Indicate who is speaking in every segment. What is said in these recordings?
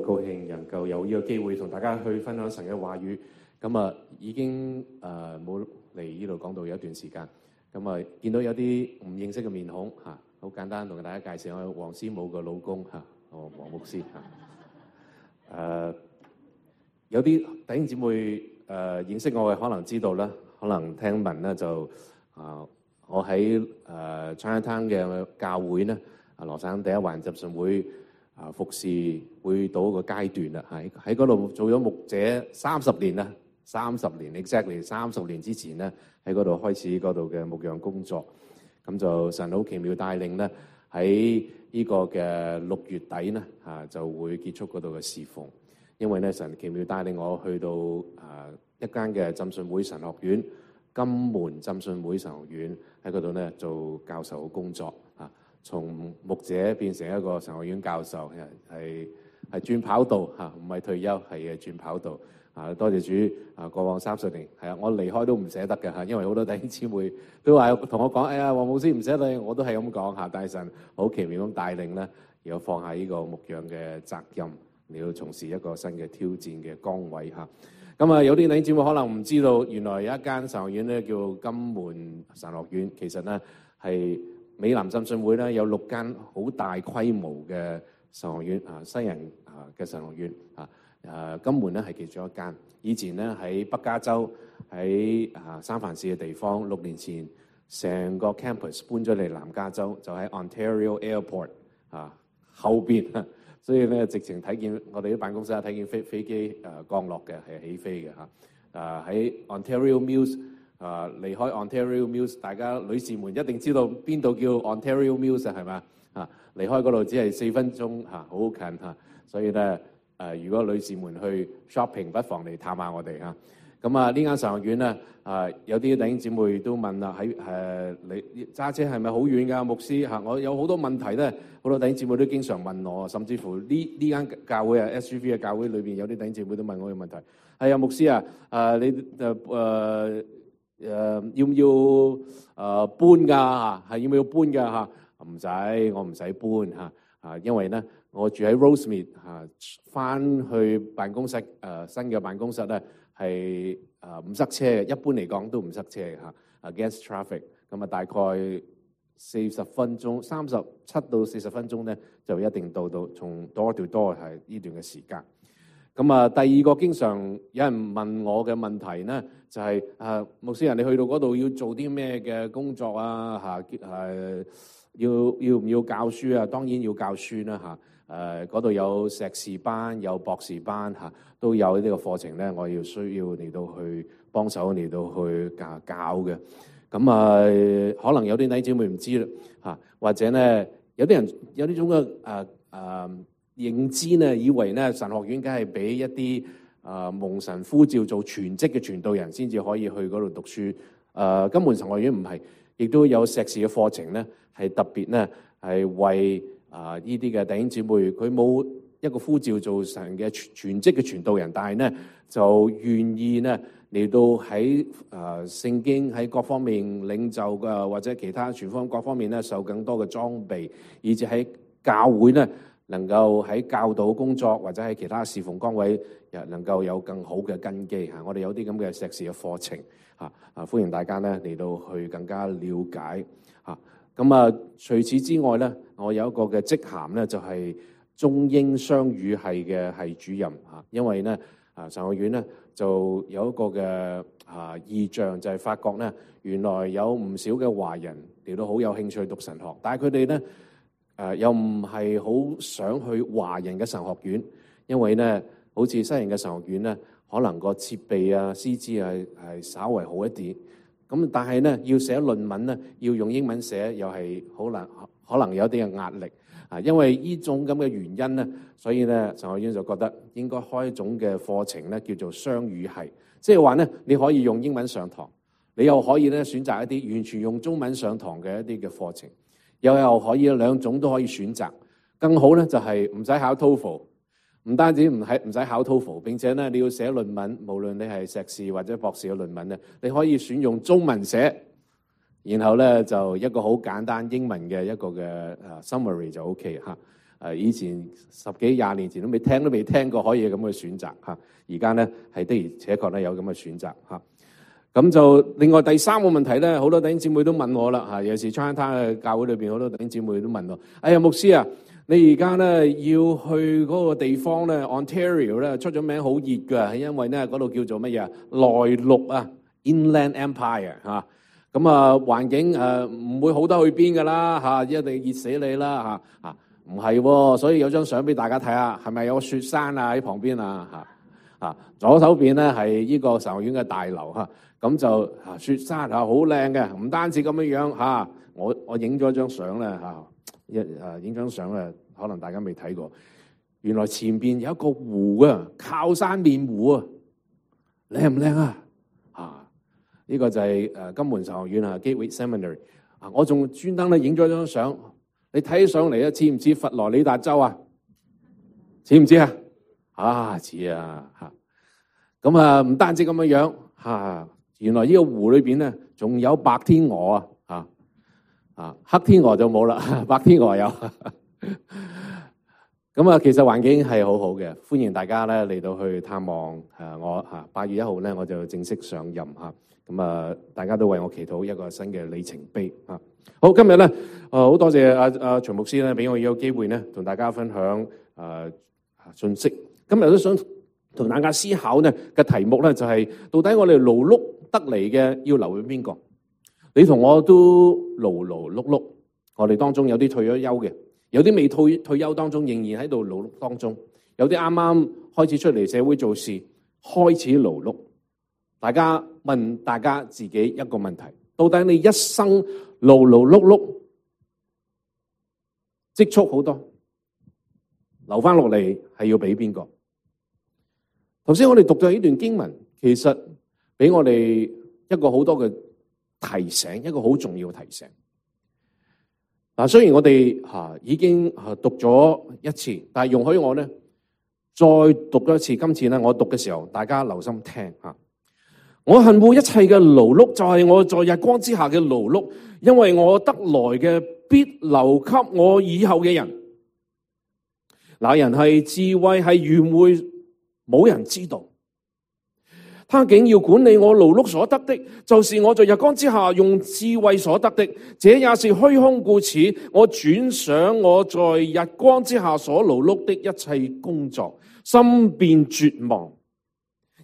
Speaker 1: 高興能夠有呢個機會同大家去分享神嘅話語，咁、嗯、啊已經誒冇嚟呢度講道有一段時間，咁、嗯、啊見到有啲唔認識嘅面孔嚇，好、啊、簡單同大家介紹我係黃師母嘅老公嚇、啊，我黃牧師嚇。誒、啊、有啲弟兄姊妹誒、呃、認識我嘅，可能知道啦，可能聽聞咧就啊，我喺誒、呃、China Town 嘅教會咧，啊羅省第一環集信會。啊服侍會到一個階段啦，喺喺嗰度做咗牧者三十年啦，三十年，exactly 三十年之前咧，喺嗰度開始嗰度嘅牧養工作，咁就神好奇妙帶領咧，喺呢個嘅六月底咧，啊，就會結束嗰度嘅侍奉，因為咧神奇妙帶領我去到啊一間嘅浸信會神學院，金門浸信會神學院喺嗰度咧做教授嘅工作。從牧者變成一個神學院教授，係，係轉跑道嚇，唔係退休，係啊轉跑道。啊，多謝主！啊，過往三十年係啊，我離開都唔捨得嘅嚇、啊，因為好多弟兄姊妹都話同我講，哎呀，黃老師唔捨得。我是這樣說」我都係咁講嚇。但係神好奇妙咁帶領咧，要放下呢個牧養嘅責任，你要從事一個新嘅挑戰嘅崗位嚇。咁啊，有啲弟兄姊妹可能唔知道，原來有一間神學院咧叫金門神學院，其實咧係。是美南浸信會咧有六間好大規模嘅神學院啊，西人啊嘅神學院啊，誒金門咧係其中一間。以前咧喺北加州喺啊三藩市嘅地方，六年前成個 campus 搬咗嚟南加州，就喺 Ontario Airport 啊後邊，所以咧直情睇見我哋啲辦公室啊，睇見飛飛機誒降落嘅係起飛嘅嚇，誒喺 Ontario Muse。啊！離開 Ontario Muse，大家女士們一定知道邊度叫 Ontario Muse 係咪？嚇！離開嗰度只係四分鐘嚇，好近嚇。所以咧，如果女士們去 shopping，不妨嚟探下我哋嚇。咁啊，呢間神學院咧，啊有啲弟兄姊妹都問啊，喺你揸車係咪好遠噶，牧師嚇？我有好多問題咧，好多弟兄姊妹都經常問我，甚至乎呢呢間教會啊，S U V 嘅教會裏面有啲弟兄姊妹都問我嘅問題。係、哎、啊，牧師啊，你啊誒要唔要誒搬㗎？係要唔要搬㗎？嚇，唔使，我唔使搬嚇。啊，因為咧，我住喺 Rosemead 嚇，翻去辦公室，誒新嘅辦公室咧係誒唔塞車，一般嚟講都唔塞車嚇。啊，against traffic 咁啊，大概四十分鐘，三十七到四十分鐘咧就一定到到，從 door to door 係呢段嘅時間。咁啊，第二個經常有人問我嘅問題咧，就係、是、啊，牧師人，人你去到嗰度要做啲咩嘅工作啊？嚇，誒，要要唔要教書啊？當然要教書啦、啊，嚇、啊，誒、啊，嗰度有碩士班，有博士班，嚇、啊，都有呢個課程咧，我要需要嚟到去幫手嚟到去教教嘅。咁啊，可能有啲女姐妹唔知啦，嚇、啊，或者咧，有啲人有呢種嘅誒誒，啊啊認知咧，以為咧神學院梗係俾一啲啊、呃、蒙神呼召做全職嘅傳道人先至可以去嗰度讀書。誒、呃，金門神學院唔係，亦都有碩士嘅課程咧，係特別咧係為啊呢啲嘅弟兄姊妹，佢冇一個呼召做神嘅全全職嘅傳道人，但係咧就願意咧嚟到喺啊聖經喺各方面領袖嘅或者其他全方各方面咧受更多嘅裝備，以至喺教會咧。能夠喺教導工作或者喺其他侍奉崗位，又能夠有更好嘅根基嚇。我哋有啲咁嘅碩士嘅課程嚇，啊歡迎大家咧嚟到去更加了解嚇。咁啊，除此之外咧，我有一個嘅職銜咧，就係中英雙語系嘅系主任嚇。因為咧啊神學院咧就有一個嘅啊意象，就係發覺咧原來有唔少嘅華人嚟到好有興趣讀神學，但係佢哋咧，誒又唔係好想去華人嘅神學院，因為呢，好似西人嘅神學院呢，可能個設備啊、師資啊係稍為好一啲。咁但係呢，要寫論文呢，要用英文寫，又係好難，可能有啲嘅壓力。啊，因為呢種咁嘅原因呢，所以呢，神學院就覺得應該開一種嘅課程呢，叫做雙語系，即係話呢，你可以用英文上堂，你又可以呢選擇一啲完全用中文上堂嘅一啲嘅課程。又又可以兩種都可以選擇，更好咧就係唔使考 TOEFL，唔單止唔使唔使考 TOEFL，並且咧你要寫論文，無論你係碩士或者博士嘅論文咧，你可以選用中文寫，然後咧就一個好簡單英文嘅一個嘅 summary 就 OK 嚇。誒，以前十幾廿年前都未聽都未聽過可以咁嘅選擇嚇，而家咧係的而且確咧有咁嘅選擇嚇。咁就另外第三個問題咧，好多弟兄姐妹都問我啦嚇，有時參嘅教會裏面，好多弟兄姐妹都問我，哎呀牧師啊，你而家咧要去嗰個地方咧，Ontario 咧出咗名好熱㗎，係因為咧嗰度叫做乜嘢啊內陸啊 Inland Empire 嚇、啊，咁啊環境唔、啊、會好得去邊㗎啦，一定熱死你啦，唔係，所以有張相俾大家睇下，係咪有雪山啊喺旁邊啊，啊啊，左手邊咧係呢個神學院嘅大樓嚇，咁就啊雪山啊好靚嘅，唔單止咁樣樣嚇，我我影咗張相啦嚇，一啊影張相啊，可能大家未睇過，原來前邊有一個湖啊，靠山面湖啊，
Speaker 2: 靚唔靚
Speaker 1: 啊？啊，呢個就係誒金門神學院啊 Gateway Seminary 啊，我仲專登咧影咗張相，你睇上嚟啊，似唔似佛羅里達州啊？似唔似啊？啊，似啊吓，咁啊唔單止咁嘅樣吓，原來呢個湖裏邊咧，仲有白天鵝啊吓，啊黑天鵝就冇啦，白天鵝有。咁 啊，其實環境係好好嘅，歡迎大家咧嚟，到去探望誒，我吓八月一號咧，我就正式上任吓，咁啊，大家都為我祈禱一個新嘅里程碑吓。好，今日咧，誒，好多謝阿阿徐牧師咧，俾我呢個機會咧，同大家分享誒、呃、信息。今日都想同大家思考呢個題目呢，就係到底我哋勞碌得嚟嘅要留俾邊個？你同我都勞勞碌碌，我哋當中有啲退咗休嘅，有啲未退退休當中仍然喺度勞碌當中，有啲啱啱開始出嚟社會做事，開始勞碌。大家問大家自己一個問題，到底你一生勞勞碌碌積蓄好多，留翻落嚟係要俾邊個？頭先我哋讀咗呢段經文，其實俾我哋一個好多嘅提醒，一個好重要嘅提醒。嗱，雖然我哋吓已經讀咗一次，但係容許我咧再讀咗一次。今次咧，我讀嘅時候，大家留心聽吓。我恨惡一切嘅勞碌，就係、是、我在日光之下嘅勞碌，因為我得來嘅必留給我以後嘅人。那人係智慧係愚昧。冇人知道，他竟要管理我勞碌所得的，就是我在日光之下用智慧所得的。這也是虛空。故此，我轉想我在日光之下所勞碌的一切工作，心便絕望，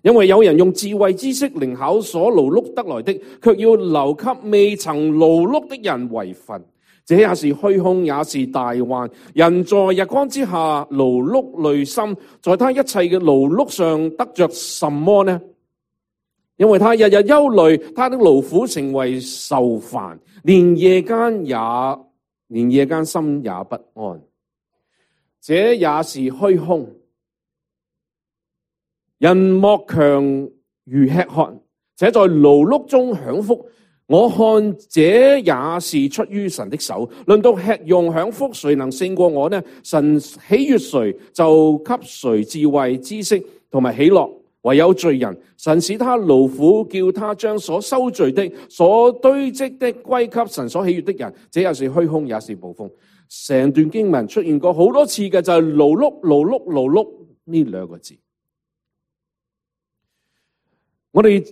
Speaker 1: 因為有人用智慧知識靈巧所勞碌得來的，卻要留給未曾勞碌的人為分。這也是虛空，也是大患。人在日光之下勞碌累心，在他一切嘅勞碌上得着什麼呢？因為他日日憂慮，他的勞苦成為愁煩，連夜間也連夜間心也不安。這也是虛空。人莫強如吃喝，且在勞碌中享福。我看這也是出於神的手。論到吃用享福，誰能勝過我呢？神喜悦誰，就給誰智慧、知識同埋喜樂。唯有罪人，神使他勞苦，叫他將所收罪的、所堆積的歸給神所喜悦的人。這也是虛空，也是捕風。成段經文出現過好多次嘅，就係勞碌、勞碌、勞碌呢兩個字。我哋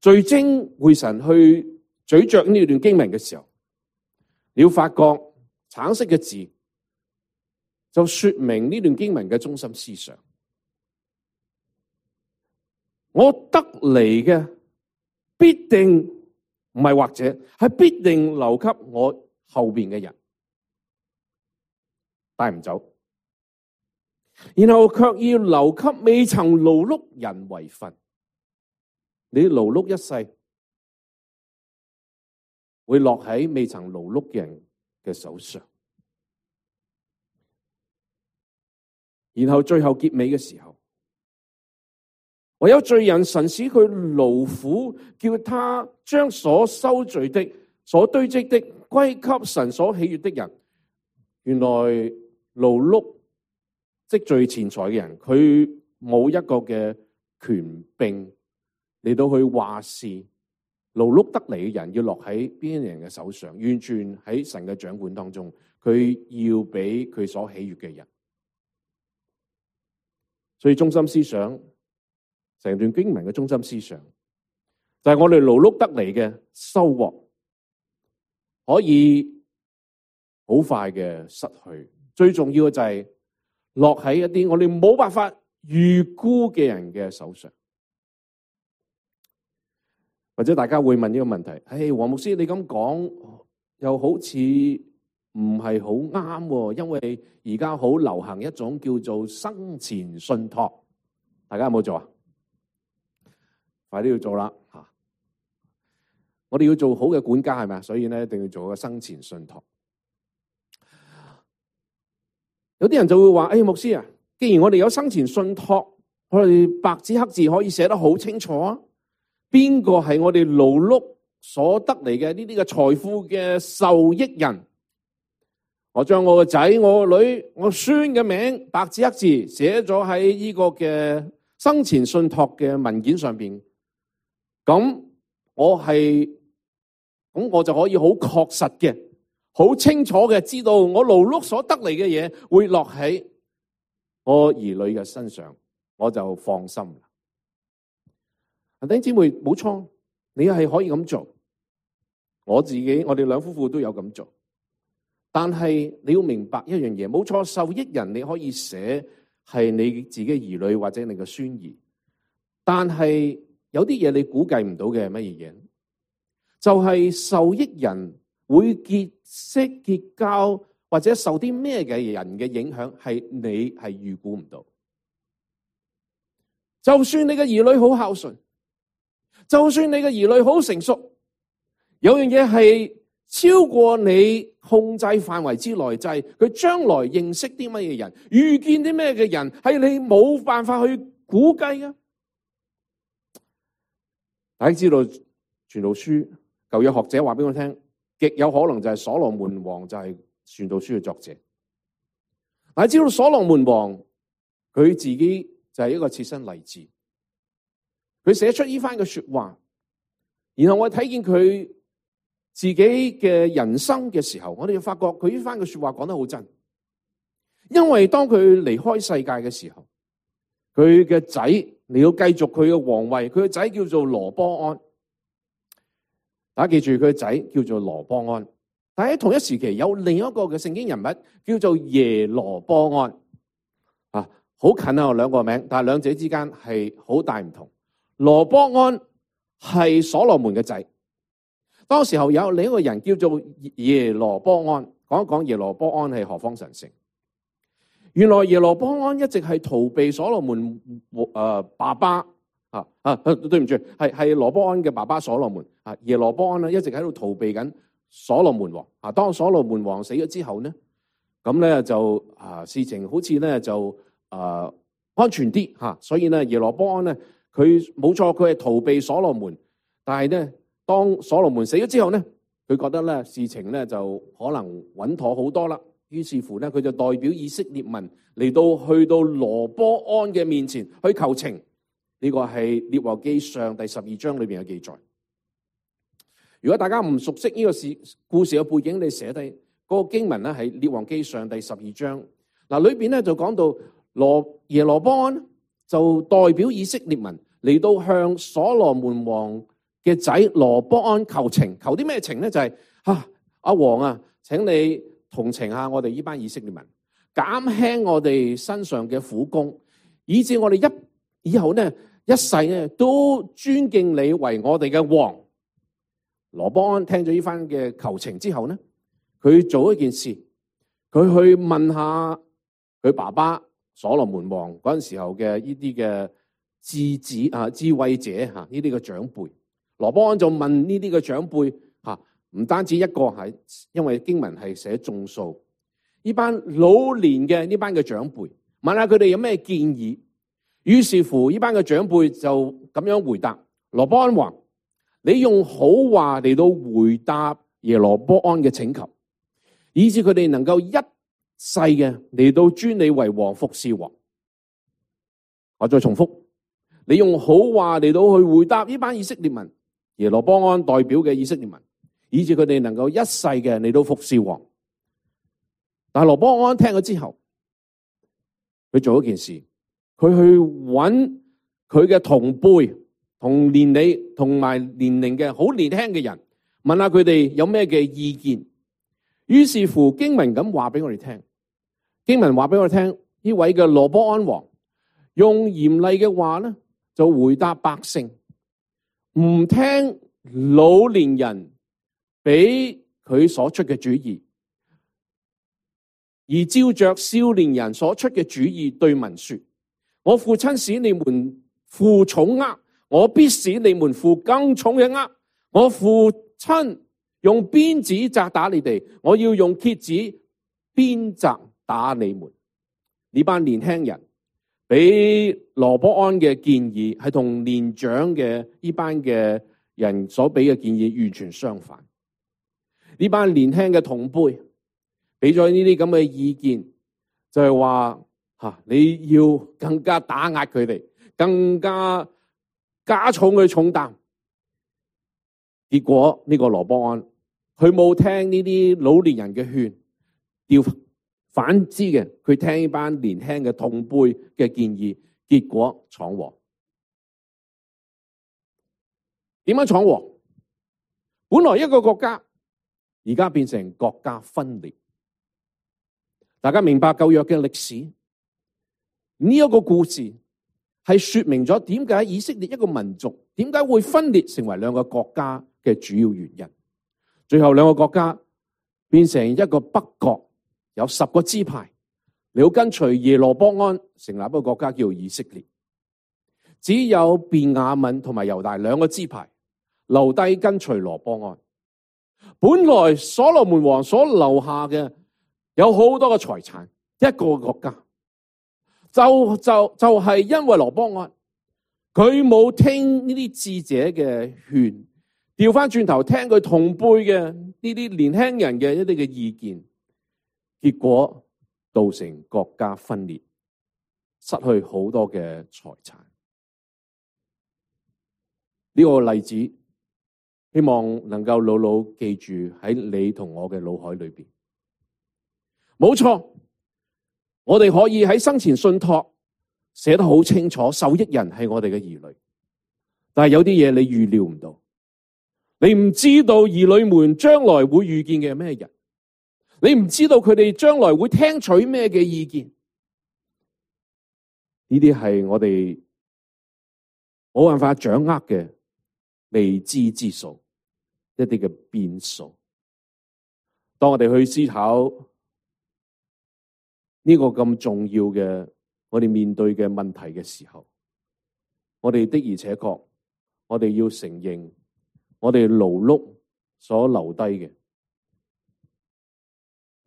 Speaker 1: 聚精會神去。咀嚼呢段經文嘅時候，你要發覺橙色嘅字就說明呢段經文嘅中心思想。我得嚟嘅必定唔係或者係必定留給我後邊嘅人帶唔走，然後卻要留給未曾勞碌人為分。你勞碌一世，會落喺未曾勞碌嘅人嘅手上，然後最後結尾嘅時候，唯有罪人神使佢勞苦，叫他將所收罪的、所堆積的歸給神所喜悦的人。原來勞碌積聚錢財嘅人，佢冇一個嘅權柄嚟到去話事。勞碌得嚟嘅人要落喺邊啲人嘅手上，完全喺神嘅掌管當中，佢要俾佢所喜悅嘅人。所以中心思想，成段經文嘅中心思想，就係我哋勞碌得嚟嘅收穫，可以好快嘅失去。最重要嘅就係落喺一啲我哋冇辦法預估嘅人嘅手上。或者大家會問呢個問題，誒、哎，黃牧師你咁講又好似唔係好啱喎，因為而家好流行一種叫做生前信託，大家有冇做啊？快啲要做啦！吓，我哋要做好嘅管家係咪啊？所以咧，一定要做個生前信託。有啲人就會話：，誒、哎，牧師啊，既然我哋有生前信託，我哋白紙黑字可以寫得好清楚啊！邊個係我哋勞碌所得嚟嘅，呢啲嘅財富嘅受益人？我將我個仔、我個女、我孫嘅名，白紙黑字寫咗喺呢個嘅生前信託嘅文件上邊。咁我係，咁我就可以好確實嘅、好清楚嘅知道我勞碌所得嚟嘅嘢，會落喺我兒女嘅身上，我就放心啦。兄弟姊妹冇錯，你係可以咁做。我自己，我哋兩夫婦都有咁做。但係你要明白一樣嘢，冇錯，受益人你可以寫係你自己嘅兒女或者你嘅孫兒。但係有啲嘢你估計唔到嘅係乜嘢？就係、是、受益人會結識結交或者受啲咩嘅人嘅影響，係你係預估唔到。就算你嘅兒女好孝順。就算你嘅兒女好成熟，有樣嘢係超過你控制範圍之內，制、就、佢、是、將來認識啲乜嘢人，遇見啲咩嘅人，係你冇辦法去估計啊。大家知道《傳道書》，舊約學者話俾我聽，極有可能就係所羅門王就係《傳道書》嘅作者。大家知道所羅門王佢自己就係一個切身例子。佢寫出呢番嘅說話，然後我睇見佢自己嘅人生嘅時候，我哋就發覺佢呢番嘅說話講得好真。因為當佢離開世界嘅時候，佢嘅仔你要繼續佢嘅皇位，佢嘅仔叫做羅波安。大家記住佢嘅仔叫做羅波安。但喺同一時期有另一個嘅聖經人物叫做耶羅波安。啊，好近啊，兩個名，但係兩者之間係好大唔同。羅波安係所羅門嘅仔，當時候有另一個人叫做耶羅波安，講一講耶羅波安係何方神聖？原來耶羅波安一直係逃避所羅門誒爸爸啊啊！對唔住，係係羅波安嘅爸爸所羅門啊耶羅波安咧一直喺度逃避緊所羅門王啊。當所羅門王死咗之後呢，咁咧就啊事情好似咧就啊安全啲吓，所以呢耶羅波安呢？佢冇錯，佢係逃避所羅門，但係呢，當所羅門死咗之後呢，佢覺得呢事情呢就可能穩妥好多啦。於是乎呢，佢就代表以色列民嚟到去到羅波安嘅面前去求情。呢、這個係列王記上第十二章裏邊嘅記載。如果大家唔熟悉呢個事故事嘅背景，你寫低、那個經文呢係列王記上第十二章嗱，裏邊呢就講到羅耶羅波安就代表以色列民。嚟到向所羅門王嘅仔羅波安求情，求啲咩情咧？就係吓阿王啊，請你同情下我哋呢班以色列民，減輕我哋身上嘅苦工，以至我哋一以後咧一世咧都尊敬你為我哋嘅王。羅波安聽咗呢番嘅求情之後咧，佢做一件事，佢去問一下佢爸爸所羅門王嗰陣時候嘅呢啲嘅。智子啊，智慧者吓，呢啲嘅長輩，羅波安就問呢啲嘅長輩吓，唔單止一個係，因為經文係寫眾數，呢班老年嘅呢班嘅長輩，問下佢哋有咩建議。於是乎，呢班嘅長輩就咁樣回答羅波安王，你用好話嚟到回答耶羅波安嘅請求，以至佢哋能夠一世嘅嚟到尊你為王，服侍王。我再重複。你用好話嚟到去回答呢班以色列民，而羅波安代表嘅以色列民，以至佢哋能夠一世嘅嚟到服侍王。但係羅波安聽咗之後，佢做一件事，佢去揾佢嘅同輩、同年、你同埋年齡嘅好年輕嘅人，問下佢哋有咩嘅意見。於是乎經文咁話俾我哋聽，經文話俾我哋聽，呢位嘅羅波安王用嚴厲嘅話咧。就回答百姓，唔聽老年人俾佢所出嘅主意，而照着少年人所出嘅主意對民說：我父親使你們負重軛，我必使你們負更重嘅軛，我父親用鞭子責打你哋，我要用蠍子鞭責打你們，呢班年輕人。俾羅波安嘅建議係同年長嘅呢班嘅人所俾嘅建議完全相反，呢班年輕嘅同輩俾咗呢啲咁嘅意見，就係話吓，你要更加打壓佢哋，更加加重佢重擔。結果呢、呢個羅波安佢冇聽呢啲老年人嘅勸，掉。反之嘅，佢聽呢班年輕嘅同輩嘅建議，結果闖禍。點樣闖禍？本來一個國家，而家變成國家分裂。大家明白舊約嘅歷史呢一、呢個故事，係說明咗點解以色列一個民族點解會分裂成為兩個國家嘅主要原因。最後兩個國家變成一個北國。有十個支派,你要跟隨耶羅波安成立一個國家，叫以色列。只有便雅敏同埋猶大兩個支派留低跟隨羅波安。本來所羅門王所留下嘅有好多嘅財產，一個，個國家。就就就係、是、因為羅波安，佢冇聽呢啲智者嘅勸，調返轉頭聽佢同輩嘅呢啲年輕人嘅一啲嘅意見。結果造成國家分裂，失去好多嘅財產。呢個例子，希望能夠牢牢記住喺你同我嘅腦海裏邊。冇錯，我哋可以喺生前信託寫得好清楚，受益人係我哋嘅兒女。但係有啲嘢你預料唔到，你唔知道兒女們將來會遇見嘅咩人。你唔知道佢哋將來會聽取咩嘅意見？呢啲係我哋冇辦法掌握嘅未知之數，一啲嘅變數。當我哋去思考呢個咁重要嘅我哋面對嘅問題嘅時候，我哋的而且確，我哋要承認我哋勞碌所留低嘅。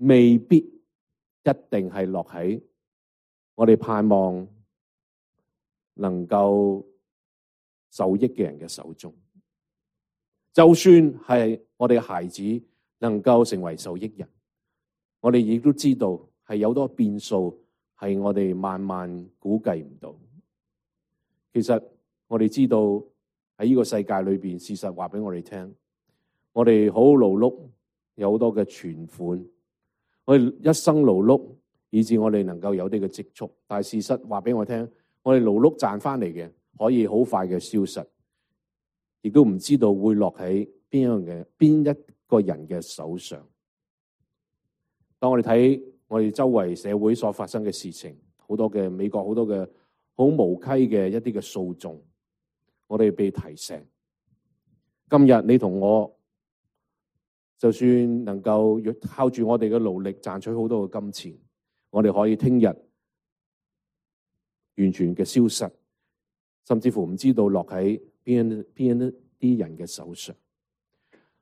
Speaker 1: 未必一定係落喺我哋盼望能夠受益嘅人嘅手中。就算係我哋嘅孩子能夠成為受益人，我哋亦都知道係有多變數，係我哋慢慢估計唔到。其實我哋知道喺呢個世界裏邊，事實話俾我哋聽，我哋好勞碌，有好多嘅存款。我一生勞碌，以致我哋能夠有啲嘅積蓄，但係事實話俾我聽，我哋勞碌賺翻嚟嘅，可以好快嘅消失，亦都唔知道會落喺邊一樣嘅邊一個人嘅手上。當我哋睇我哋周圍社會所發生嘅事情，好多嘅美國好多嘅好無稽嘅一啲嘅訴訟，我哋被提醒：今日你同我。就算能夠靠住我哋嘅勞力賺取好多嘅金錢，我哋可以聽日完全嘅消失，甚至乎唔知道落喺邊邊一啲人嘅手上。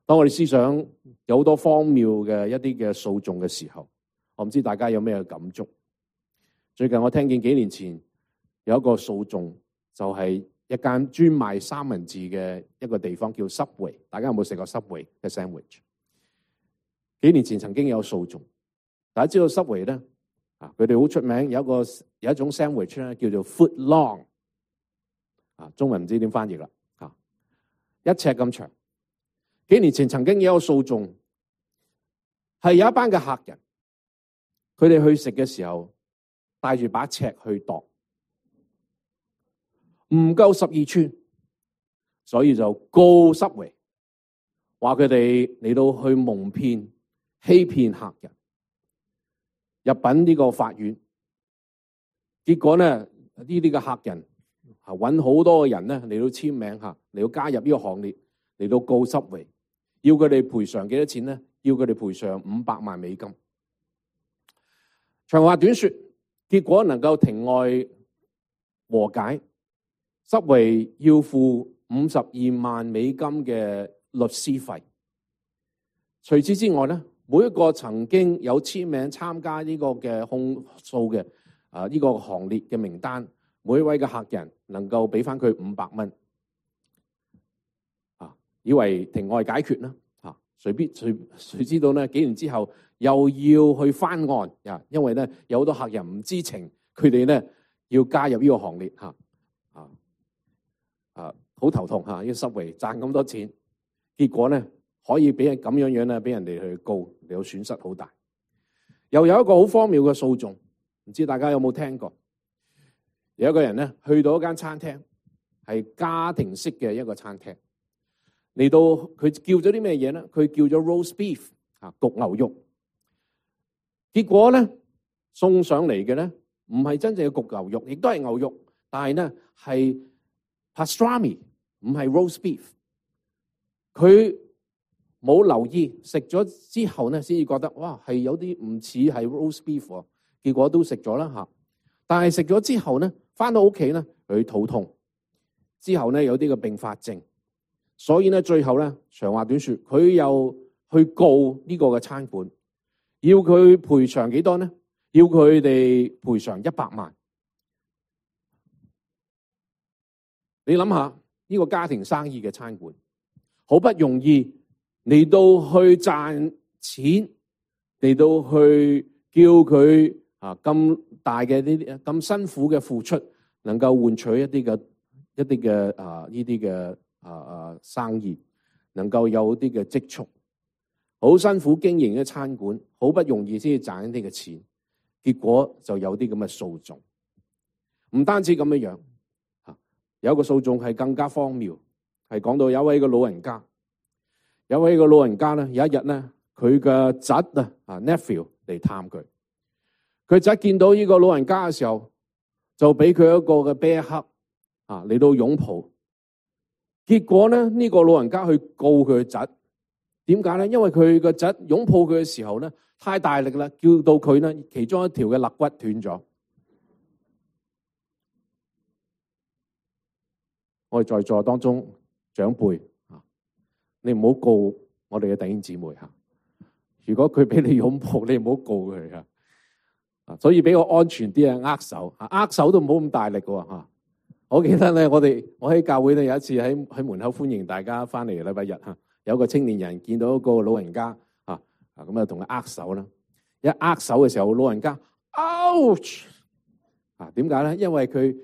Speaker 1: 當我哋思想有好多荒謬嘅一啲嘅訴訟嘅時候，我唔知大家有咩嘅感觸。最近我聽見幾年前有一個訴訟，就係一間專賣三文治嘅一個地方叫 Subway。大家有冇食過 Subway 嘅 sandwich？幾年前曾經有訴訟，大家知道濕圍咧，啊，佢哋好出名，有一個有一種 sandwich 咧，叫做 foot long，啊，中文唔知點翻譯啦，一尺咁長。幾年前曾經有一個訴訟，係有一班嘅客人，佢哋去食嘅時候帶住把尺去度，唔夠十二寸，所以就告濕圍，話佢哋嚟到去蒙騙。欺騙客人，入稟呢個法院。結果呢，呢啲嘅客人吓搵，好多嘅人呢嚟到簽名吓嚟到加入呢個行列嚟到告執維，要佢哋賠償幾多錢呢？要佢哋賠償五百萬美金。長話短說，結果能夠庭外和解，執維要付五十二萬美金嘅律師費。除此之外呢？每一個曾經有簽名參加呢個嘅控訴嘅啊呢、呢個行列嘅名單，每一位嘅客人能夠俾翻佢五百蚊啊，以為庭外解決啦啊，隨便誰誰，誰知道呢？幾年之後又要去翻案、啊、因為呢有好多客人唔知情，佢哋呢要加入呢個行列吓啊啊，好、啊、頭痛吓、啊，要失為賺咁多錢，結果呢？可以俾人咁樣樣咧，俾人哋去告，你有損失好大。又有一個好荒謬嘅訴訟，唔知大家有冇聽過？有一個人咧去到一間餐廳，係家庭式嘅一個餐廳。嚟到佢叫咗啲咩嘢咧？佢叫咗 rose beef 啊，焗牛肉。結果咧送上嚟嘅咧，唔係真正嘅焗牛肉，亦都係牛肉，但係咧係 pastrami，唔係 rose beef。佢冇留意食咗之後呢，先至覺得哇，係有啲唔似係 roast beef 啊！結果都食咗啦吓，但係食咗之後呢，翻到屋企呢，佢肚痛，之後呢有啲嘅併發症，所以呢最後呢，長話短說，佢又去告呢個嘅餐館，要佢賠償幾多呢？要佢哋賠償一百萬。你諗下呢個家庭生意嘅餐館，好不容易。嚟到去賺錢，嚟到去叫佢啊咁大嘅呢啲咁辛苦嘅付出，能夠換取一啲嘅一啲嘅啊呢啲嘅啊啊生意，能夠有啲嘅積蓄，好辛苦經營嘅餐館，好不容易先至賺一啲嘅錢，結果就有啲咁嘅訴訟。唔單止咁嘅樣，吓有一個訴訟係更加荒謬，係講到有一位個老人家。有位老有 nephew，這個老人家咧，有一日咧，佢嘅侄啊，啊 nephew 嚟探佢。佢侄見到呢個老人家嘅時候，就俾佢一個嘅啤 e 啊嚟到擁抱。結果咧，呢、這個老人家去告佢嘅侄，點解咧？因為佢個侄擁抱佢嘅時候咧，太大力啦，叫到佢咧其中一條嘅肋骨斷咗。我哋在座當中長輩。你唔好告我哋嘅弟兄姊妹吓，如果佢俾你擁抱，你唔好告佢啊。啊，所以俾我安全啲啊，握手啊，握手都唔好咁大力嘅吓。我記得咧，我哋我喺教會咧有一次喺喺門口歡迎大家翻嚟禮拜日吓，有個青年人見到一個老人家吓，啊咁啊同佢握手啦，一握手嘅時候老人家 ouch 啊，點解咧？因為佢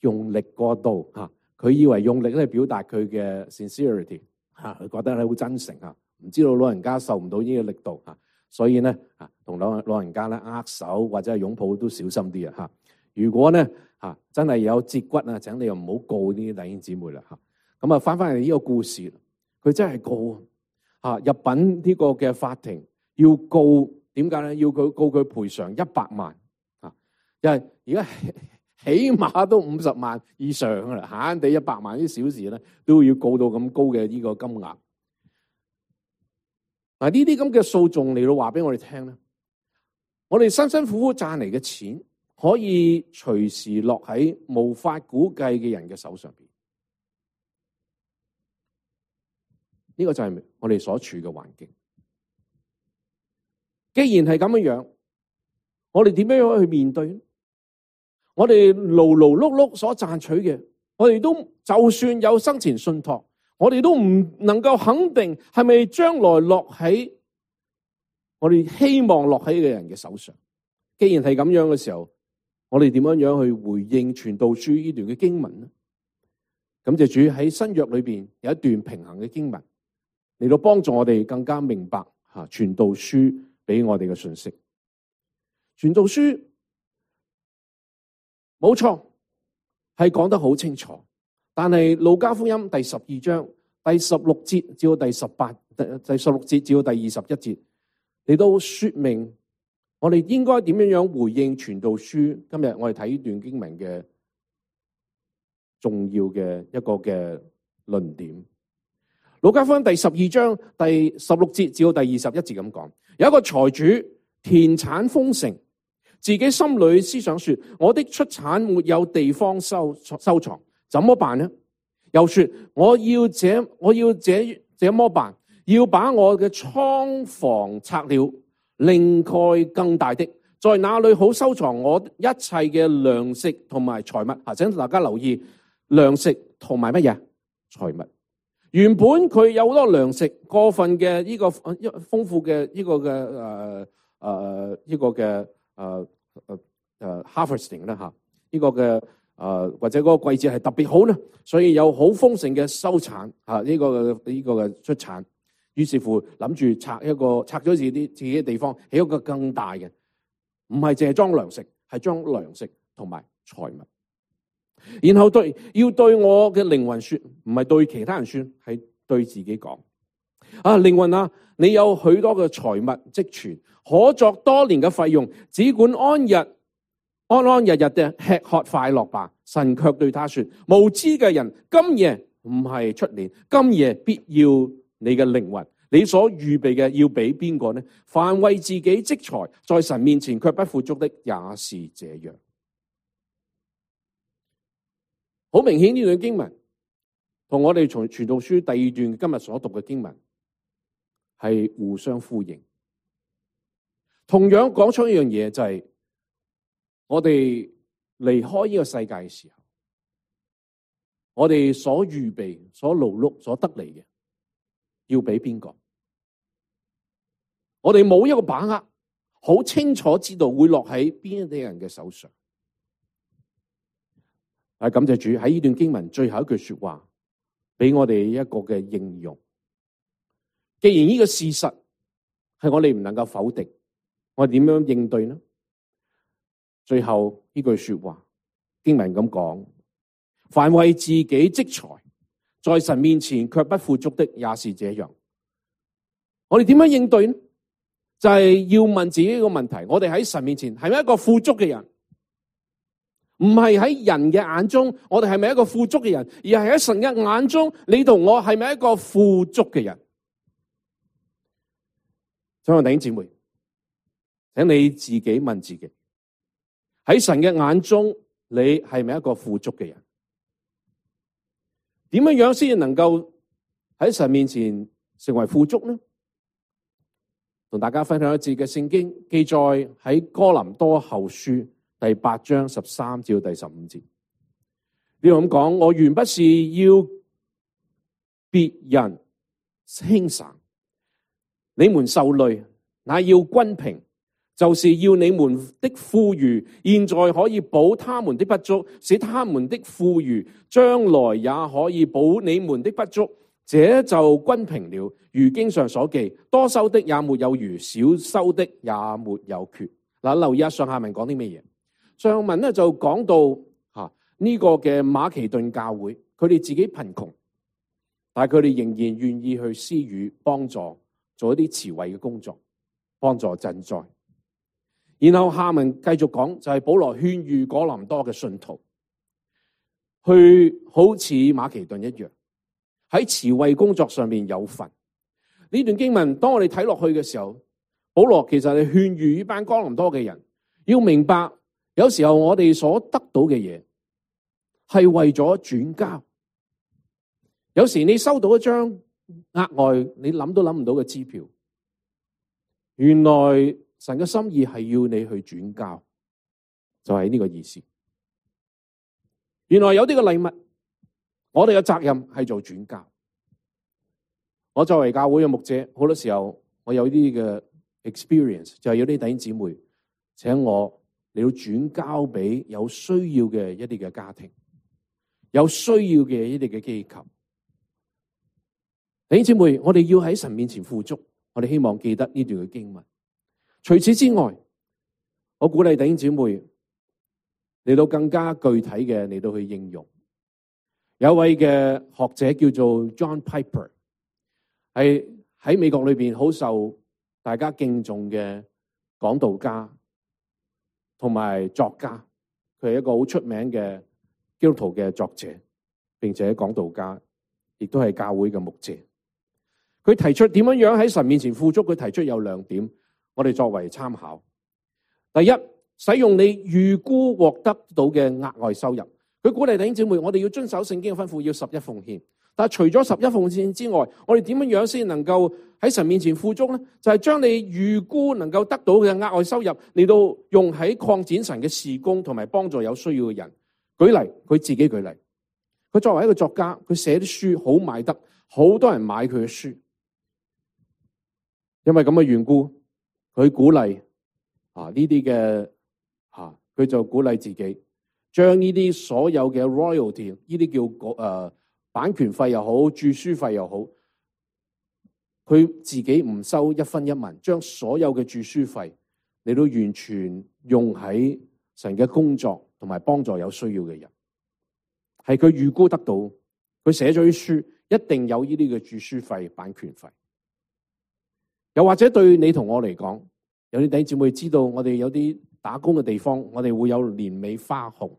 Speaker 1: 用力過度吓，佢以為用力咧表達佢嘅 sincerity。嚇、啊，佢覺得你好真誠嚇，唔、啊、知道老人家受唔到呢個力度嚇、啊，所以咧嚇同老老人家咧握手或者係擁抱都小心啲啊！嚇，如果咧嚇、啊、真係有折骨啊，請你又唔好告呢啲弟兄姊妹啦嚇。咁啊，返返嚟呢個故事，佢真係告嚇、啊、入稟呢個嘅法庭要告，點解咧？要佢告佢賠償一百萬啊！因為而家。 起碼都五十萬以上啦，閒哋，一百萬啲小事咧，都要告到咁高嘅。呢個金額。嗱，呢啲咁嘅訴訟嚟到話俾我哋聽咧，我哋辛辛苦苦賺嚟嘅錢，可以隨時落喺無法估計嘅人嘅手上邊。呢、這個就係我哋所處嘅環境。既然係咁樣樣，我哋點樣樣去面對？我哋勞勞碌碌所賺取嘅，我哋都就算有生前信託，我哋都唔能夠肯定係咪將來落喺我哋希望落喺嘅人嘅手上。既然係咁樣嘅時候，我哋點樣樣去回應傳道書呢段嘅經文呢？感謝主喺新約裏邊有一段平衡嘅經文嚟到幫助我哋更加明白吓傳道書俾我哋嘅信息。傳道書。冇錯，係講得好清楚。但係《路加福音》第十二章第十六節至到第十八、第十六節至到第二十一節，你都說明我哋應該點樣樣回應傳道書。今日我哋睇段經文嘅重要嘅一個嘅論點，《路加福音》第十二章第十六節至到第二十一節咁講，有一個財主田產豐盛。自己心裏思想說：我的出產沒有地方收收藏，怎麼辦呢？又說：我要這我要這這麼辦？要把我嘅倉房拆了，另蓋更大的，在哪裏好收藏我一切嘅糧食同埋財物？請大家留意糧食同埋乜嘢？財物，原本佢有好多糧食，過分嘅呢個豐富嘅呢個嘅誒誒呢個嘅。誒誒誒，harvesting 啦、uh, 吓、uh, uh, mm-hmm.，呢個嘅誒或者嗰個季節係特別好啦，所以有好豐盛嘅收產吓，呢個嘅呢個嘅出產，於是乎諗住拆一個拆咗自己自己嘅地方，起一個更大嘅，唔係淨係裝糧食，係裝糧食同埋財物，然後對要對我嘅靈魂說，唔係對其他人說，係對自己講，啊靈魂啊，你有許多嘅財物積存。可作多年嘅費用，只管安逸安安日日嘅吃喝快樂吧。神卻對他說：無知嘅人，今夜唔係出年，今夜必要你嘅靈魂。你所預備嘅要俾邊個呢？凡為自己積財，在神面前卻不富足的，也是這樣。好明顯呢段經文同我哋從《傳道書》第二段今日所讀嘅經文係互相呼應。同樣講出一樣嘢，就係，我哋離開呢個世界嘅時候，我哋所預備、所勞碌、所得嚟嘅，要俾邊個？我哋冇一個把握，好清楚知道會落喺邊一啲人嘅手上。啊，感謝主！喺呢段經文最後一句說話，俾我哋一個嘅應用。既然呢個事實係我哋唔能夠否定。我點樣應對呢？最後呢句說話，經文咁講：凡為自己積財，在神面前卻不富足的，也是這樣。我哋點樣應對呢？就係要問自己一個問題：我哋喺神面前係咪一個富足嘅人？唔係喺人嘅眼中，我哋係咪一個富足嘅人？而係喺神嘅眼中，你同我係咪一個富足嘅人？所有弟兄姐妹。請你自己問自己：喺神嘅眼中，你係咪一個富足嘅人？點樣樣先能夠喺神面前成為富足呢？同大家分享一節嘅聖經記載喺哥林多後書第八章十三至到第十五節。你咁講，我原不是要別人輕省，你們受累，乃要均平。就是要你們的富裕，現在可以補他們的不足，使他們的富裕將來也可以補你們的不足，這就均平了。如經上所記，多收的也沒有餘，少收的也沒有缺。嗱，留意一下上下文講啲咩嘢？上文咧就講到吓呢個嘅馬其頓教會，佢哋自己貧窮，但係佢哋仍然願意去施予幫助，做一啲慈惠嘅工作，幫助賑災。然後下文繼續講就係保羅勸喻果林多嘅信徒，去好似馬其頓一樣喺慈惠工作上面有份。呢段經文當我哋睇落去嘅時候，保羅其實係勸喻呢班果林多嘅人要明白，有時候我哋所得到嘅嘢係為咗轉交。有時你收到一張額外你諗都諗唔到嘅支票，原來。神嘅心意係要你去轉交，就係呢個意思。原來有啲個禮物，我哋嘅責任係做轉交。我作為教會嘅牧者，好多時候我有啲嘅 experience，就係有啲弟兄姊妹請我嚟到轉交俾有需要嘅一啲嘅家庭，有需要嘅一啲嘅機構。弟兄姊妹，我哋要喺神面前富足，我哋希望記得呢段嘅經文。除此之外，我鼓勵弟兄姊妹嚟到更加具體嘅嚟到去應用。有位嘅學者叫做 John Piper，係喺美國裏邊好受大家敬重嘅講道家同埋作家。佢係一個好出名嘅基督徒嘅作者，並且講道家，亦都係教會嘅牧者。佢提出點樣樣喺神面前富足？佢提出有兩點。我哋作為參考，第一，使用你預估獲得到嘅額外收入。佢鼓勵弟兄姊妹，我哋要遵守聖經嘅吩咐，要十一奉獻。但係除咗十一奉獻之外，我哋點樣樣先能夠喺神面前富足呢？就係、是、將你預估能夠得到嘅額外收入，嚟到用喺擴展神嘅事工同埋幫助有需要嘅人。舉例，佢自己舉例，佢作為一個作家，佢寫啲書好買得，好多人買佢嘅書，因為咁嘅緣故。佢鼓勵啊呢啲嘅吓，佢、啊、就鼓勵自己，將呢啲所有嘅 royalty，呢啲叫誒、呃、版權費又好，著書費又好，佢自己唔收一分一文，將所有嘅著書費，你都完全用喺神嘅工作同埋幫助有需要嘅人，係佢預估得到，佢寫咗啲書一定有呢啲嘅著書費、版權費。又或者對你同我嚟講，有啲弟兄姊妹知道我哋有啲打工嘅地方，我哋會有年尾花紅，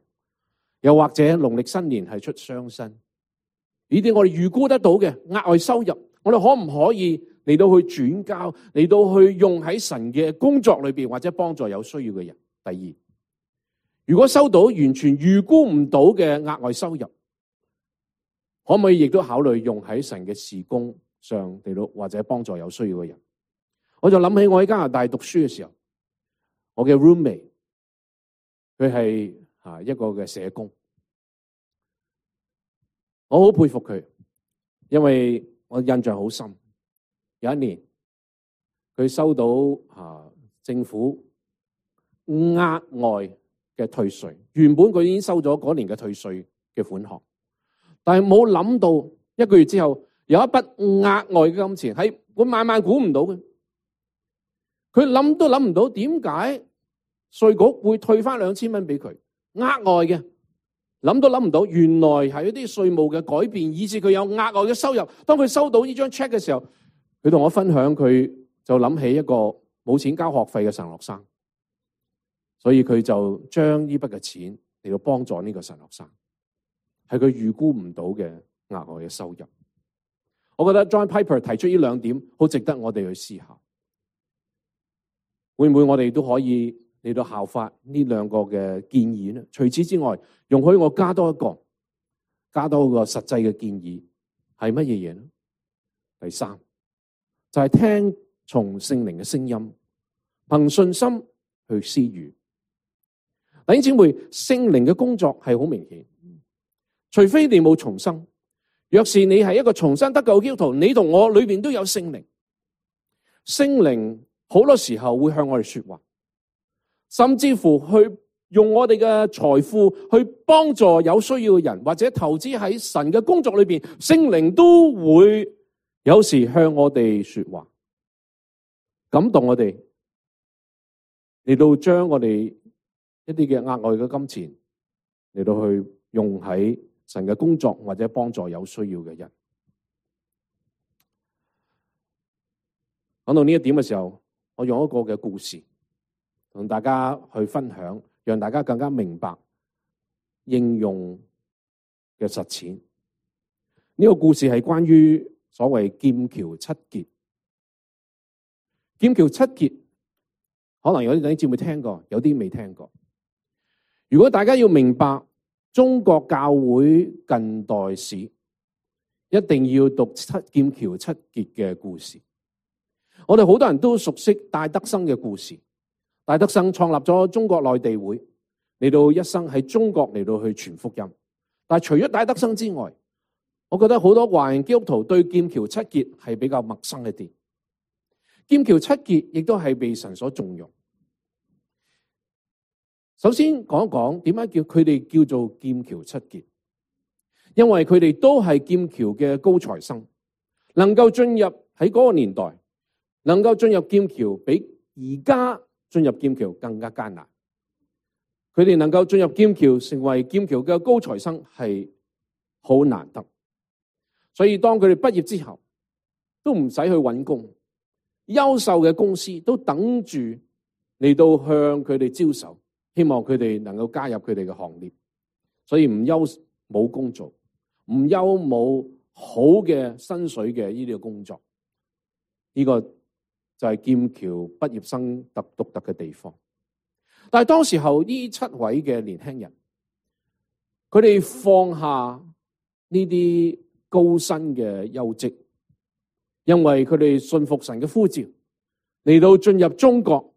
Speaker 1: 又或者農曆新年係出雙薪。呢啲我哋預估得到嘅額外收入，我哋可唔可以嚟到去轉交，嚟到去用喺神嘅工作裏邊，或者幫助有需要嘅人？第二，如果收到完全預估唔到嘅額外收入，可唔可以亦都考慮用喺神嘅事工上，地或者幫助有需要嘅人？我就諗起我喺加拿大讀書嘅時候，我嘅 roommate 佢係啊一個嘅社工，我好佩服佢，因為我印象好深。有一年佢收到啊政府額外嘅退稅，原本佢已經收咗嗰年嘅退稅嘅款項，但係冇諗到一個月之後有一筆額外嘅金錢，係我萬萬估唔到嘅。佢諗都諗唔到，點解稅局會退翻兩千蚊俾佢，額外嘅。諗都諗唔到，原來係一啲稅務嘅改變，以至佢有額外嘅收入。當佢收到呢張 check 嘅時候，佢同我分享，佢就諗起一個冇錢交學費嘅神學生，所以佢就將呢筆嘅錢嚟到幫助呢個神學生，係佢預估唔到嘅額外嘅收入。我覺得 John Piper 提出呢兩點，好值得我哋去思考。會唔會我哋都可以嚟到效法呢兩個嘅建議呢？除此之外，容許我加多一個，加多一個實際嘅建議，係乜嘢嘢呢？第三就係、是、聽從聖靈嘅聲音，憑信心去施予。弟兄姊，姊妹，聖靈嘅工作係好明顯，除非你冇重生。若是你係一個重生得救的基督徒，你同我裏邊都有聖靈，聖靈。好多時候會向我哋說話，甚至乎去用我哋嘅財富去幫助有需要嘅人，或者投資喺神嘅工作裏邊，聖靈都會有時向我哋說話，感動我哋嚟到將我哋一啲嘅額外嘅金錢嚟到去用喺神嘅工作或者幫助有需要嘅人。講到呢一點嘅時候。我用一個嘅故事同大家去分享，讓大家更加明白應用嘅實踐。呢、這個故事係關於所謂劍橋七傑。劍橋七傑可能有啲弟兄姊妹聽過，有啲未聽過。如果大家要明白中國教會近代史，一定要讀《七劍橋七傑》嘅故事。我哋好多人都熟悉戴德生嘅故事，戴德生創立咗中國內地會，嚟到一生喺中國嚟到去傳福音。但係除咗戴德生之外，我覺得好多華人基督徒對劍橋七傑係比較陌生一啲。劍橋七傑亦都係被神所重用。首先講一講點解叫佢哋叫做劍橋七傑，因為佢哋都係劍橋嘅高材生，能夠進入喺嗰個年代。能夠進入劍橋比而家進入劍橋更加艱難，佢哋能夠進入劍橋成為劍橋嘅高材生係好難得，所以當佢哋畢業之後都唔使去揾工，優秀嘅公司都等住嚟到向佢哋招手，希望佢哋能夠加入佢哋嘅行列，所以唔憂冇工作，唔憂冇好嘅薪水嘅呢啲嘅工作，這，呢個。就係劍橋畢業生特獨特嘅地方，但係當時候呢七位嘅年輕人，佢哋放下呢啲高薪嘅優職，因為佢哋信服神嘅呼召，嚟到進入中國，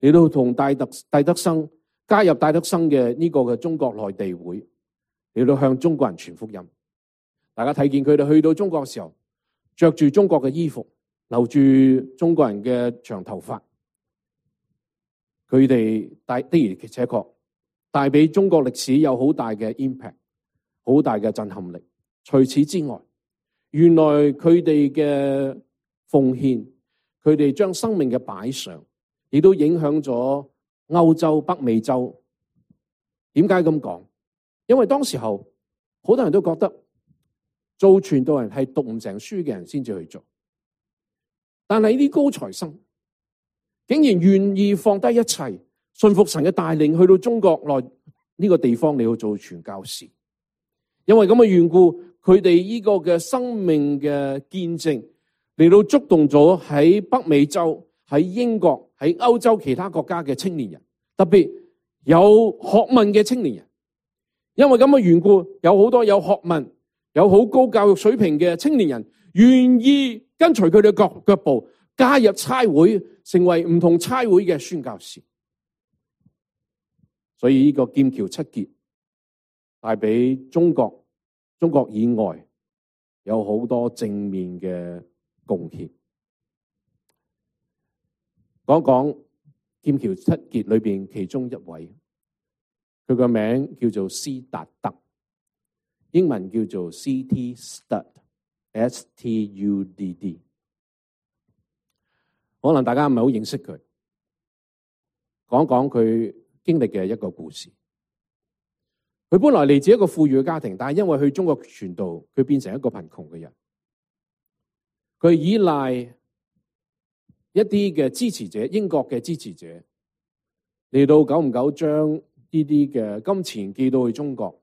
Speaker 1: 嚟到同戴德生加入戴德生嘅呢個嘅中國內地會，嚟到向中國人傳福音。大家睇見佢哋去到中國嘅時候，着住中國嘅衣服。留住中國人嘅長頭髮，佢哋帶的而且確帶俾中國歷史有好大嘅 impact，好大嘅震撼力。除此之外，原來佢哋嘅奉獻，佢哋將生命嘅擺上，亦都影響咗歐洲、北美洲。點解咁講？因為當時候好多人都覺得做傳道人係讀唔成書嘅人先至去做。但係呢啲高材生竟然願意放低一切，信服神嘅帶領，去到中國內呢個地方嚟去做傳教士。因為咁嘅緣故，佢哋呢個嘅生命嘅見證，嚟到觸動咗喺北美洲、喺英國、喺歐洲其他國家嘅青年人，特別有學問嘅青年人。因為咁嘅緣故，有好多有學問、有好高教育水平嘅青年人。願意跟隨佢哋腳腳步，加入差會，成為唔同差會嘅宣教士。所以呢個劍橋七傑帶俾中國、中國以外有好多正面嘅貢獻。講講劍橋七傑裏邊其中一位，佢個名叫做斯達德，英文叫做 C.T. Stud。Studd，可能大家唔係好認識佢，講一講佢經歷嘅一個故事。佢本來嚟自一個富裕嘅家庭，但係因為去中國傳道，佢變成一個貧窮嘅人。佢依賴一啲嘅支持者，英國嘅支持者，嚟到九唔九將呢啲嘅金錢寄到去中國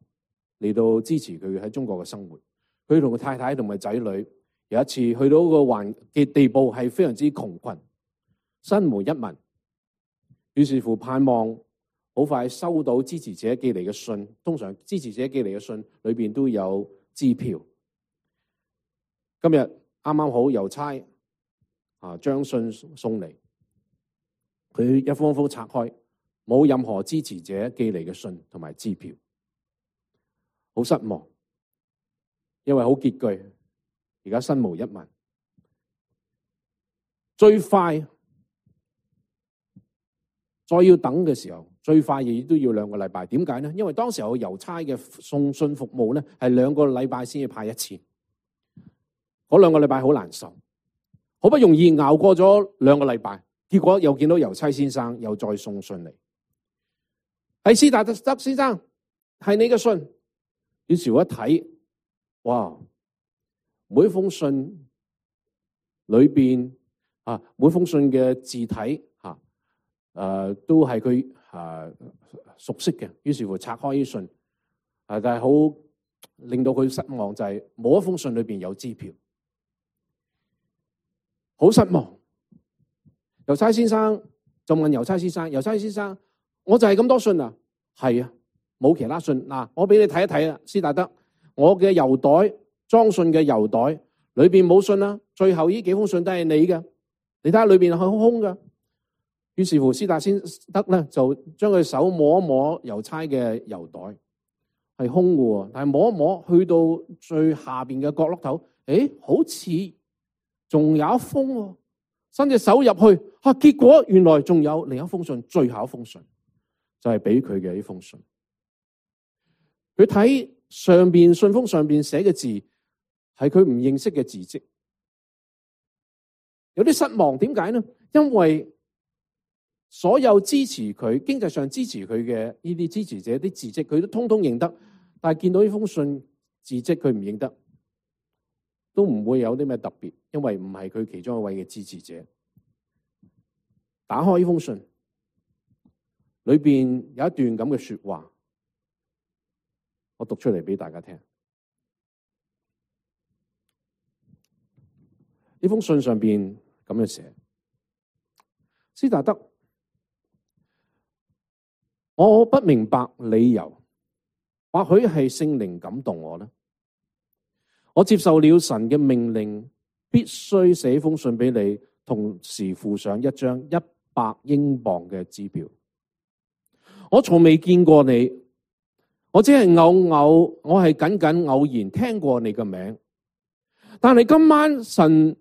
Speaker 1: 嚟到支持佢喺中國嘅生活。佢同個太太同埋仔女有一次去到個環嘅地步，係非常之窮困，身無一文。於是乎，盼望好快收到支持者寄嚟嘅信。通常支持者寄嚟嘅信裏邊都有支票。今日啱啱好郵差啊，將信送嚟，佢一封封拆開，冇任何支持者寄嚟嘅信同埋支票，好失望。因為好拮據，而家身無一文。最快再要等嘅時候，最快亦都要兩個禮拜。點解呢？因為當時有郵差嘅送信服務呢，係兩個禮拜先要派一次。嗰兩個禮拜好難受，好不容易熬過咗兩個禮拜，結果又見到郵差先生又再送信嚟。係、哎、斯達特德德先生，係你嘅信。於是我一睇。哇！每一封信裏邊啊，每封信嘅字體吓，誒、啊、都係佢、啊、熟悉嘅。於是乎拆開呢信，啊、但係好令到佢失望，就係、是、冇一封信裏邊有支票，好失望。郵差先生就問郵差先生：郵差先生，我就係咁多信是啊，係啊，冇其他信。嗱、啊，我俾你睇一睇啊，斯大德。我嘅郵袋裝信嘅郵袋裏邊冇信啦，最後呢幾封信都係你嘅，你睇下裏邊係空空嘅。於是乎，斯大先得咧就將佢手摸一摸郵差嘅郵袋，係空嘅，但係摸一摸去到最下邊嘅角落頭，誒、欸，好似仲有一封，啊，伸隻手入去，吓、啊，結果原來仲有另一封信，最後一封信，就係俾佢嘅呢封信，佢睇。上邊信封上邊寫嘅字係佢唔認識嘅字跡，有啲失望。點解呢？因為所有支持佢經濟上支持佢嘅呢啲支持者啲字跡，佢都通通認得。但係見到呢封信字跡，佢唔認得，都唔會有啲咩特別，因為唔係佢其中一位嘅支持者。打開呢封信，裏邊有一段咁嘅說話。我讀出嚟，俾大家聽。呢封信上邊咁樣寫：「施達德，我不明白理由，或許係聖靈感動我呢。我接受了神嘅命令，必須寫封信俾你，同時附上一張一百英鎊嘅支票。我從未見過你。我只係偶偶，我係僅僅偶然聽過你嘅名，但係今晚神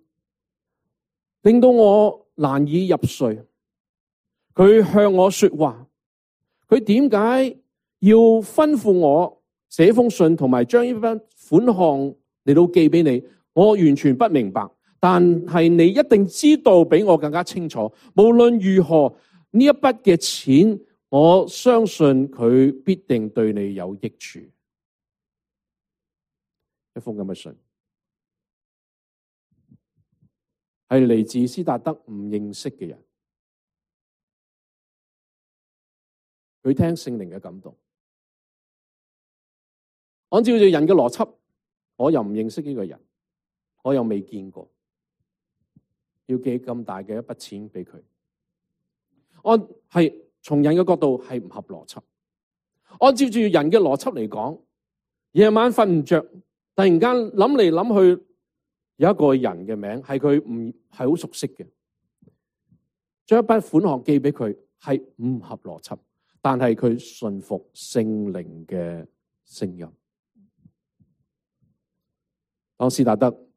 Speaker 1: 令到我難以入睡，佢向我說話，佢點解要吩咐我寫封信同埋將呢筆款項嚟到寄俾你？我完全不明白，但係你一定知道比我更加清楚。無論如何呢一筆嘅錢。我相信佢必定對你有益處。一封咁嘅信，係嚟自斯達德唔認識嘅人。佢聽聖靈嘅感動。按照住人嘅邏輯，我又唔認識呢個人，我又未見過，要寄咁大嘅一筆錢俾佢。我係。從人嘅角度係唔合邏輯。按照住人嘅邏輯嚟講，夜晚瞓唔着，突然間諗嚟諗去，有一個人嘅名係佢唔係好熟悉嘅，將一筆款項寄俾佢係唔合邏輯。但係佢信服聖靈嘅聲音。當斯達德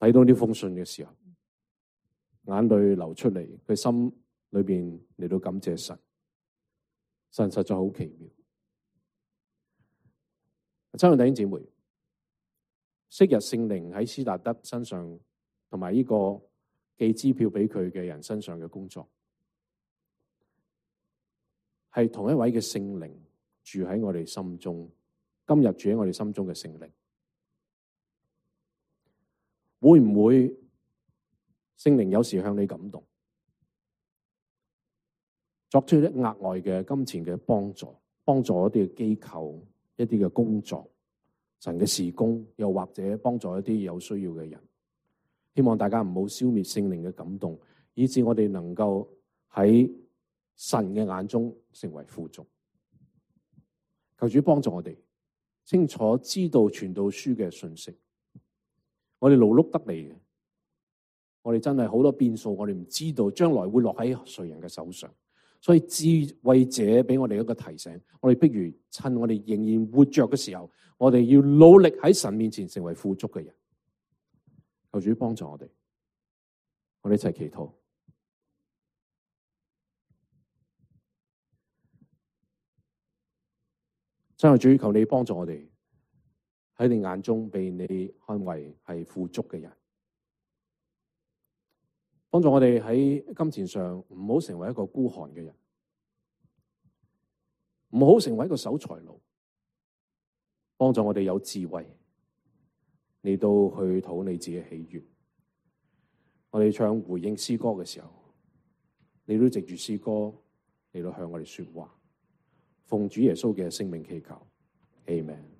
Speaker 1: 睇到呢封信嘅時候，眼淚流出嚟，佢心裏面嚟到感謝神，神實在好奇妙。親愛弟兄姐妹，昔日聖靈喺斯達德身上，同埋呢個寄支票畀佢嘅人身上嘅工作，係同一位嘅聖靈住喺我哋心中。今日住喺我哋心中嘅聖靈，會唔會聖靈有時向你感動？作出一啲額外嘅金錢嘅幫助，幫助一啲嘅機構、一啲嘅工作，神嘅事工，又或者幫助一啲有需要嘅人。希望大家唔好消滅聖靈嘅感動，以致我哋能夠喺神嘅眼中成為富足。求主幫助我哋清楚知道傳道書嘅信息。我哋勞碌得嚟嘅，我哋真係好多變數，我哋唔知道將來會落喺誰人嘅手上。所以智慧者畀我哋一個提醒，我哋不如趁我哋仍然活着嘅時候，我哋要努力喺神面前成為富足嘅人。求主幫助我哋，我哋一齊祈禱。真係，主，求你幫助我哋，喺你眼中被你看為係富足嘅人。幫助我哋喺金錢上唔好成為一個孤寒嘅人，唔好成為一個守財奴。幫助我哋有智慧，你都去討你自己喜悦。我哋唱回應詩歌嘅時候，你都藉住詩歌嚟到向我哋說話，奉主耶穌嘅聖名祈求，阿們。